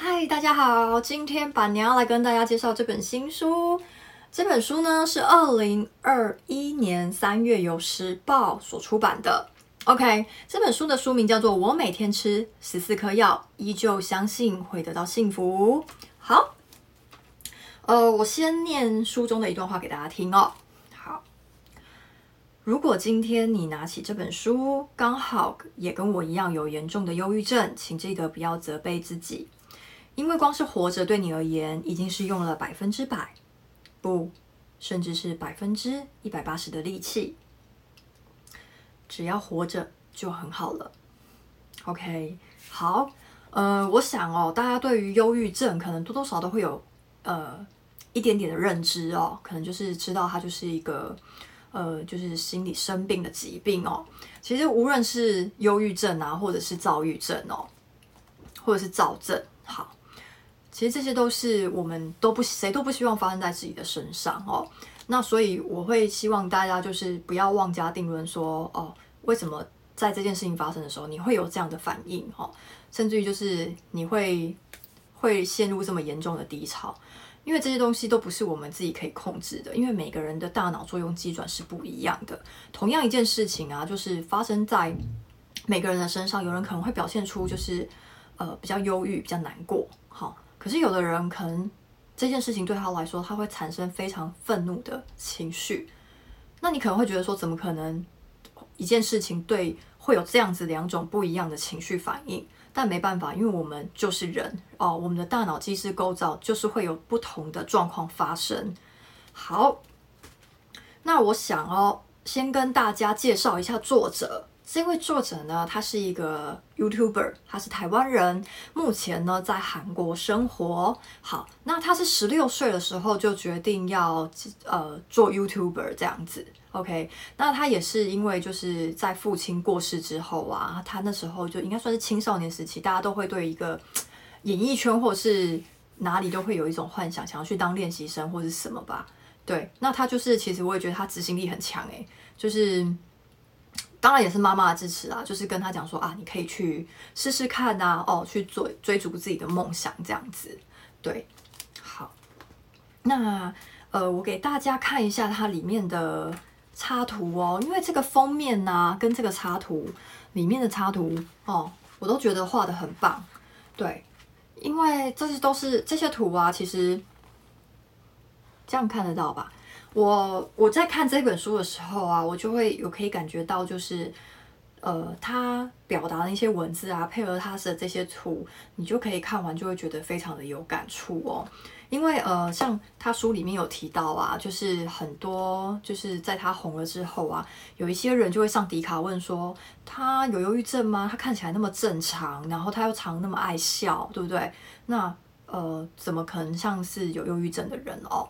嗨，Hi, 大家好，今天板娘要來跟大家介紹這本新書。這本書呢是二零二一年三月由時報所出版的。OK，這本書的書名叫做《我每天吃十四顆藥，依舊相信會得到幸福》。好，呃，我先念書中的一段話給大家聽哦。好，如果今天你拿起這本書，剛好也跟我一樣有嚴重的憂鬱症，請記得不要責備自己。因為光是活着對你而言，已經是用了百分之百，不，甚至是百分之一百八十的力氣。只要活着就很好了。OK，好，呃，我想哦，大家對於憂鬱症可能多多少少都會有呃一點點的認知哦，可能就是知道它就是一個呃就是心理生病的疾病哦。其實無論是憂鬱症啊，或者是躁鬱症哦，或者是躁症，好。其實這些都是我們都不誰都不希望發生在自己的身上哦。那所以我會希望大家就是不要妄加定論說哦，為什麼在這件事情發生的時候你會有這樣的反應哦，甚至於就是你會會陷入這麼嚴重的低潮，因為這些東西都不是我們自己可以控制的。因為每個人的大腦作用機轉是不一樣的。同樣一件事情啊，就是發生在每個人的身上，有人可能會表現出就是呃比較憂鬱、比較難過，好、哦。可是有的人可能這件事情對他來說，他會產生非常憤怒的情緒。那你可能會覺得說，怎麼可能一件事情對會有這樣子兩種不一樣的情緒反應？但沒辦法，因為我們就是人哦，我們的大腦機制構造就是會有不同的狀況發生。好，那我想哦，先跟大家介紹一下作者。是因為作者呢，他是一個 YouTuber，他是台灣人，目前呢在韓國生活。好，那他是十六歲的時候就決定要呃做 YouTuber 這樣子。OK，那他也是因為就是在父親過世之後啊，他那時候就應該算是青少年時期，大家都會對一個演藝圈或者是哪裡都會有一種幻想，想要去當練習生或是什麼吧。對，那他就是其實我也覺得他執行力很強誒、欸，就是。當然也是媽媽的支持啊，就是跟他講說啊，你可以去試試看吶、啊，哦，去追追逐自己的夢想這樣子，對，好，那呃，我給大家看一下它裡面的插圖哦，因為這個封面吶、啊，跟這個插圖裡面的插圖哦，我都覺得畫的很棒，對，因為這些都是這些圖啊，其實這樣看得到吧。我我在看這本書的時候啊，我就會有可以感覺到，就是呃，他表達的一些文字啊，配合他的這些圖，你就可以看完就會覺得非常的有感觸哦。因為呃，像他書裡面有提到啊，就是很多就是在他紅了之後啊，有一些人就會上迪卡問說，他有憂鬱症嗎？他看起來那麼正常，然後他又常那麼愛笑，對不對？那呃，怎麼可能像是有憂鬱症的人哦？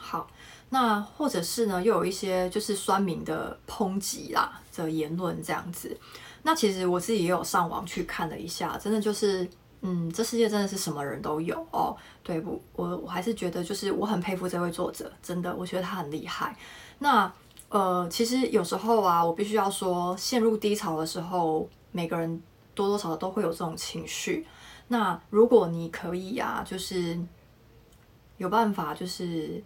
好，那或者是呢，又有一些就是酸民的抨擊啦的言論這樣子。那其實我自己也有上網去看了一下，真的就是，嗯，這世界真的是什麼人都有哦。對不，我我還是覺得就是我很佩服這位作者，真的，我覺得他很厲害。那呃，其實有時候啊，我必須要說，陷入低潮的時候，每個人多多少少都會有這種情緒。那如果你可以啊，就是有辦法，就是。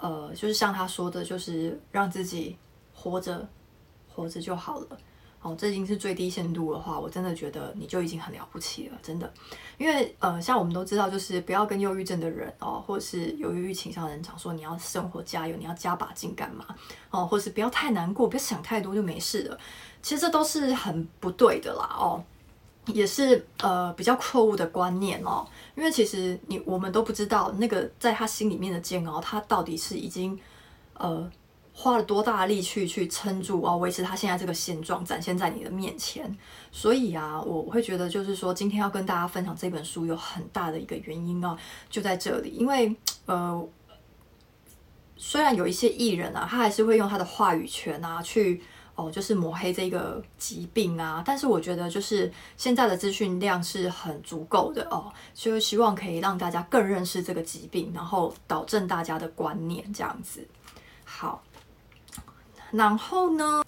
呃，就是像他說的，就是讓自己活着，活着就好了。哦，這已經是最低限度的話，我真的覺得你就已經很了不起了，真的。因為呃，像我們都知道，就是不要跟憂鬱症的人哦，或是憂鬱傾向的人講說你要生活加油，你要加把勁幹嘛哦，或是不要太難過，不要想太多就沒事了。其實這都是很不對的啦，哦。也是呃比較錯誤的觀念哦，因為其實你我們都不知道那個在他心裡面的煎熬，他到底是已經呃花了多大力氣去撐住啊，維持他現在這個現狀，展現在你的面前。所以啊，我會覺得就是說，今天要跟大家分享這本書有很大的一個原因呢、啊，就在這裡。因為呃，雖然有一些藝人啊，他還是會用他的話語權啊去。哦，就是抹黑這個疾病啊，但是我覺得就是現在的資訊量是很足夠的哦，就希望可以讓大家更認識這個疾病，然後導正大家的觀念這樣子。好，然後呢，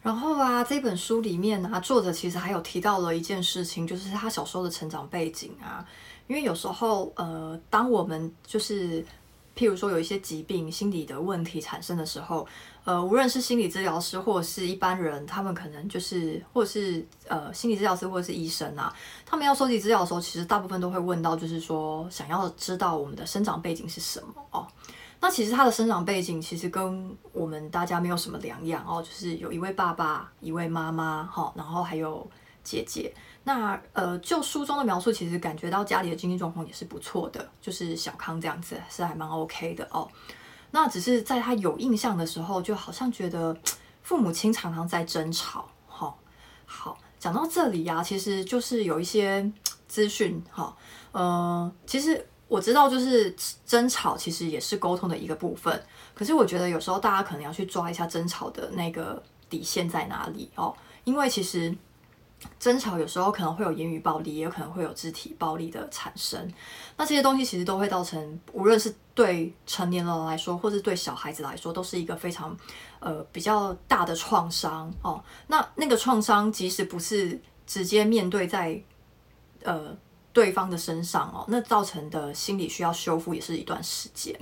然後啊，這本書裡面呢、啊，作者其實還有提到了一件事情，就是他小時候的成長背景啊，因為有時候呃，當我們就是。譬如說有一些疾病、心理的問題產生的時候，呃，無論是心理治療師或者是一般人，他們可能就是，或者是呃，心理治療師或者是醫生啊，他們要收集資料的時候，其實大部分都會問到，就是說想要知道我們的生長背景是什麼哦。那其實他的生長背景其實跟我們大家沒有什麼兩樣哦，就是有一位爸爸、一位媽媽，哈、哦，然後還有姐姐，那呃，就書中的描述，其實感覺到家裡的經濟狀況也是不錯的，就是小康這樣子是還蠻 OK 的哦。那只是在他有印象的時候，就好像覺得父母親常常在爭吵。哈、哦，好，講到這裡呀、啊，其實就是有一些資訊哈，呃，其實我知道，就是爭吵其實也是溝通的一個部分。可是我覺得有時候大家可能要去抓一下爭吵的那個底線在哪裡哦，因為其實。爭吵有時候可能會有言語暴力，也有可能會有肢體暴力的產生。那這些東西其實都會造成，無論是對成年人來說，或是對小孩子來說，都是一個非常呃比較大的創傷哦。那那個創傷即使不是直接面對在呃對方的身上哦，那造成的心理需要修復也是一段時間。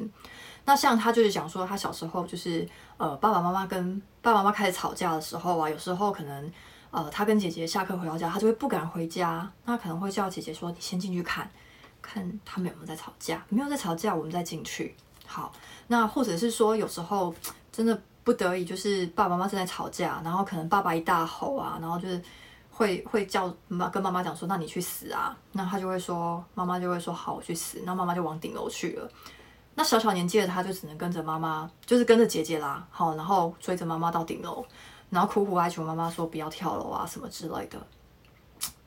那像他就是講說，他小時候就是呃爸爸媽媽跟爸爸媽媽開始吵架的時候啊，有時候可能，呃，他跟姐姐下課回到家，他就會不敢回家。那可能會叫姐姐說：“你先進去看看他們有沒有在吵架，沒有在吵架，我們再進去。”好，那或者是說，有時候真的不得已，就是爸爸媽媽正在吵架，然後可能爸爸一大吼啊，然後就是會會叫媽跟媽媽講說：“那你去死啊！”那他就會說，媽媽就會說：“好，我去死。”那媽媽就往頂樓去了。那小小年紀的他，就只能跟着媽媽，就是跟着姐姐啦，好，然後追着媽媽到頂樓。然後苦苦哀求媽媽說：“不要跳樓啊，什麼之類的。”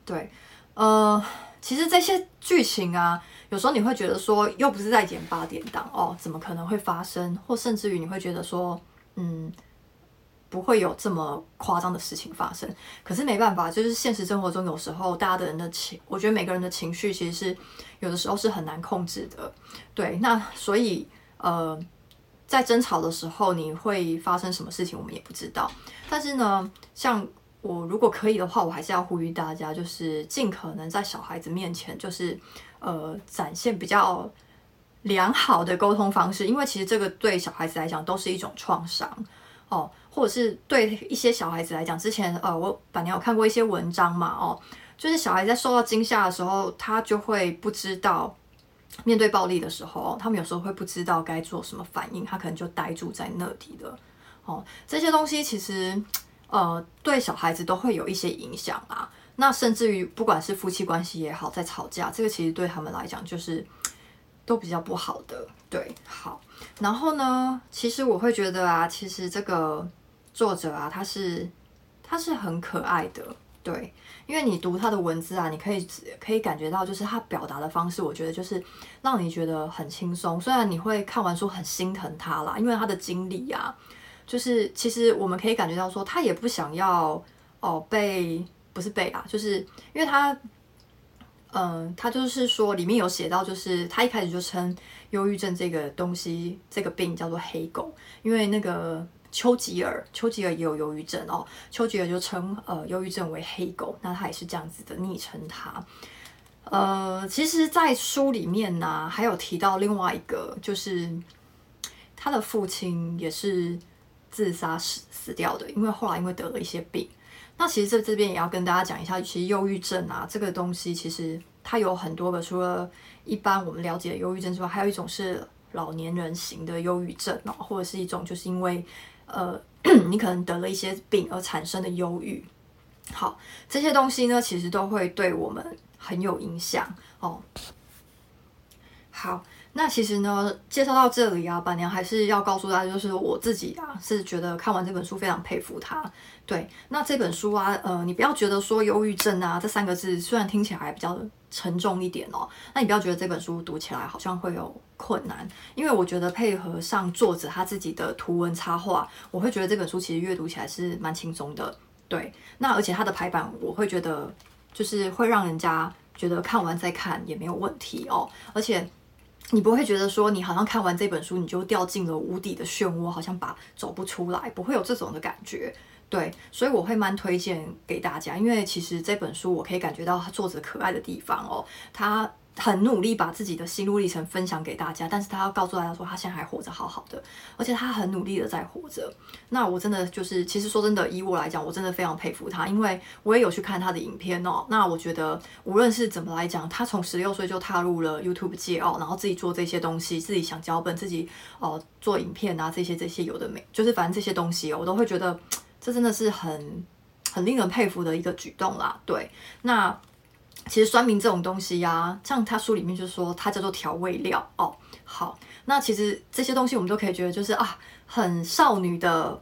對，呃，其實這些劇情啊，有時候你會覺得說，又不是在演八點檔哦，怎麼可能會發生？或甚至於你會覺得說，嗯，不會有這麼誇張的事情發生。可是沒辦法，就是現實生活中，有時候大家的人的情，我覺得每個人的情緒，其實是有的時候是很難控制的。對，那所以，呃。在爭吵的時候，你會發生什麼事情，我們也不知道。但是呢，像我如果可以的話，我還是要呼籲大家，就是儘可能在小孩子面前，就是呃展現比較良好的溝通方式，因為其實這個對小孩子來講都是一種創傷哦，或者是對一些小孩子來講，之前呃我往年有看過一些文章嘛哦，就是小孩在受到驚嚇的時候，他就會不知道。面對暴力的時候，他們有時候會不知道該做什麼反應，他可能就呆住在那裡了。哦，這些東西其實，呃，對小孩子都會有一些影響啊。那甚至於，不管是夫妻關係也好，在吵架，這個其實對他們來講就是都比較不好的。對，好。然後呢，其實我會覺得啊，其實這個作者啊，他是他是很可愛的。對，因為你讀他的文字啊，你可以可以感覺到，就是他表達的方式，我覺得就是讓你覺得很輕鬆。雖然你會看完書很心疼他啦，因為他的經歷啊，就是其實我們可以感覺到說，他也不想要哦被不是被啊，就是因為他，嗯，他就是說裡面有寫到，就是他一開始就稱憂鬱症這個東西，這個病叫做黑狗，因為那個。丘吉爾，丘吉爾也有憂鬱症哦。丘吉爾就稱呃憂鬱症為黑狗，那他也是這樣子的昵稱他。呃，其實，在書裡面呢，啊，還有提到另外一個，就是他的父親也是自殺死，死掉的，因為後來因為得了一些病。那其實在這邊也要跟大家講一下，其實憂鬱症啊這個東西，其實它有很多個，除了一般我們了解的憂鬱症之外，還有一種是老年人型的憂鬱症哦，或者是一種就是因為。呃， 你可能得了一些病而產生的憂鬱。好，這些東西呢，其實都會對我們很有影響哦。好。那其實呢，介紹到這裡啊，板娘還是要告訴大家，就是我自己啊，是覺得看完這本書非常佩服他。對，那這本書啊，呃，你不要覺得說“憂鬱症”啊，這三個字雖然聽起來比較沉重一點哦，那你不要覺得這本書讀起來好像會有困難，因為我覺得配合上作者他自己的圖文插畫，我會覺得這本書其實閱讀起來是蠻輕鬆的。對，那而且它的排版，我會覺得就是會讓人家覺得看完再看也沒有問題哦，而且。你不會覺得說你好像看完這本書，你就掉進了無底的漩渦，好像把走不出來，不會有這種的感覺，對，所以我會蠻推薦給大家，因為其實這本書我可以感覺到它作者可愛的地方哦，它。很努力把自己的心路歷程分享給大家，但是他要告訴大家說他現在還活着，好好的，而且他很努力的在活着。那我真的就是，其實說真的，以我來講，我真的非常佩服他，因為我也有去看他的影片哦、喔。那我覺得，無論是怎麼來講，他從十六歲就踏入了 YouTube 界哦、喔，然後自己做這些東西，自己想腳本，自己哦、呃、做影片啊，這些這些有的沒，就是反正這些東西、喔，我都會覺得這真的是很很令人佩服的一個舉動啦。對，那。其實酸民這種東西呀、啊，像他書裡面就是說它叫做調味料哦。好，那其實這些東西我們都可以覺得就是啊，很少女的。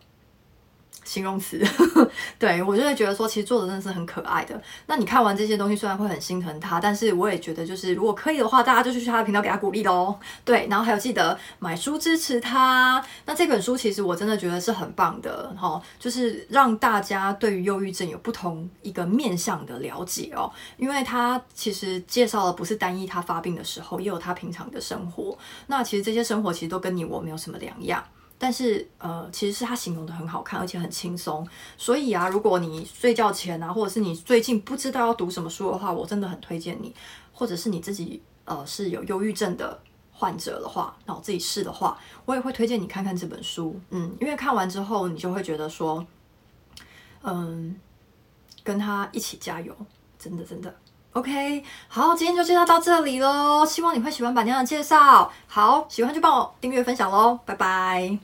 形容詞， 對，我就會覺得說，其實做的真的是很可愛的。那你看完這些東西，雖然會很心疼他，但是我也覺得，就是如果可以的話，大家就去他的頻道給他鼓勵咯哦。對，然後還有記得買書支持他。那這本書其實我真的覺得是很棒的哈，就是讓大家對於憂鬱症有不同一個面向的了解哦。因為他其實介紹的不是單一他發病的時候，也有他平常的生活。那其實這些生活其實都跟你我沒有什麼兩樣。但是，呃，其實是他形容得很好看，而且很輕鬆。所以啊，如果你睡覺前啊，或者是你最近不知道要讀什麼書的話，我真的很推薦你。或者是你自己，呃，是有憂鬱症的患者的話，那我自己試的話，我也會推薦你看看這本書。嗯，因為看完之後，你就會覺得說，嗯，跟他一起加油，真的真的。OK，好，今天就介紹到這裡嘍。希望你會喜歡板娘的介紹。好，喜歡就幫我訂閱分享嘍，拜拜。